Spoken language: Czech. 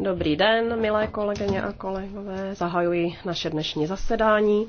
Dobrý den, milé kolegyně a kolegové, zahajuji naše dnešní zasedání.